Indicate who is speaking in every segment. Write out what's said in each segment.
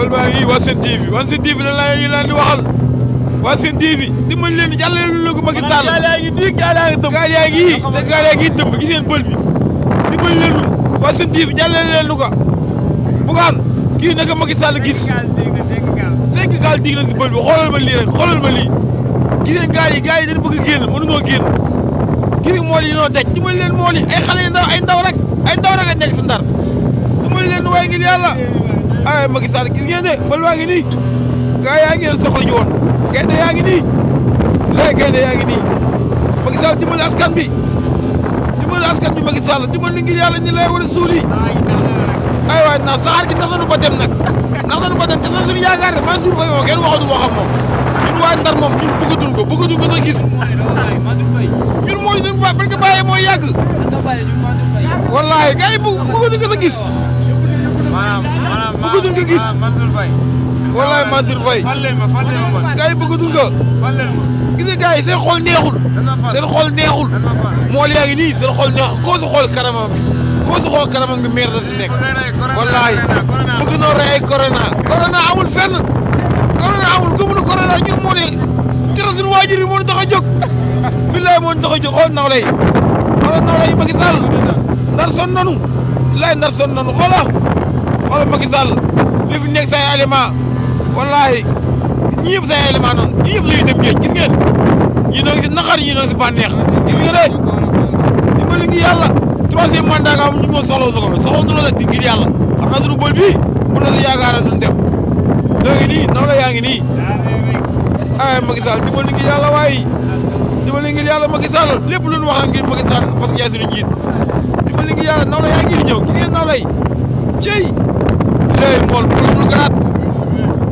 Speaker 1: bal baa ngi waa seen TV waa seen di waxal waa seen TV dimbali leen jàllale lu ko Macky Sall gaal yaa ngi diig gaal yaa ngi tëmb gaal yaa ngi te gaal ngi tëmb gis bël bi dimbali leen nu waa seen TV leen nu bugaan kii naka Macky Sall gis cinq gaal diig na si bël bi xoolal ma lii rek xoolal ma lii gis ngeen gaal yi gaal yi dañu bëgg génn mënuñoo génn gis ngeen mool yi ñoo daj dimbali leen mool ay xale ndaw ay ndaw rek ay a ay ma Sall gis ngeen de bal waangi ni ga gaa yaa soxla ñu won gaynde yaangi ni lay léegi yaangi ni ma nii Macky Sall askan bi dimbali askan bi Macky Sall dimbali ngir yàlla ñu lay war a suul yi ay waay na saar gi nax nañu ba dem nag nax nañu ba dem te sax suñu yaakaar pukul Mansour lagi. moom kenn waxatu waxam mo ñu waa Ndar moom ñun bëggatul ko bëggatul ko sax gis ñu moy ñu ba parce que bàyyi mooy yàgg wallaahi gars yi bëggatul ko gis maanaam bëggatul nga gis. Mansour Faye. wallaay Mansour Faye. fan leen ma fan leen ma man. gars yi bëggatul nga. fan leen ma. gis nga gars yi seen xol neexul. seen xol neexul. mool yaa ngi nii seen xol neexul koo su xool kanamam bi. koo su xool kanamam bi meer na si nekk. wallaay bëgg noo rey ay corona. corona amul fenn. corona amul gëmuñu corona ñun moo ne. keroog suñu waajur yi moo ñu tax a jóg. billaay moo ñu tax a jóg xool naw lay. xoolal naw lay Macky Sall. ndar sonn nanu. billaay ndar sonn nanu xoolal. xoolal Macky Sall li fi nekk say élément wallaahi ñii yëpp say élément noonu ñii yëpp lañuy dem géej gis ñii noo ngi si naqar ñii noo si bànneex gis ngeen di ma liggéey yàlla troisième mandat nga am ñu moom soxla na ko fi soxla na la di ngir yàlla xam naa dem léegi nii naw la yaa ngi nii ay Macky Sall di ma liggéey yàlla waaye di ma liggéey yàlla Macky Sall lépp lu ñu wax ngir di ma liggéey yàlla naw la eh Mawal mënul garaat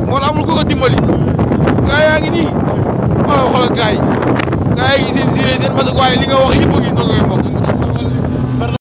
Speaker 1: Mawal amul ko ko dimbali gaa yaa ngi nii xoolal xoolal gaa yi seen siré seen matuwaay li nga wax yëpp a ngi ndogoy moom.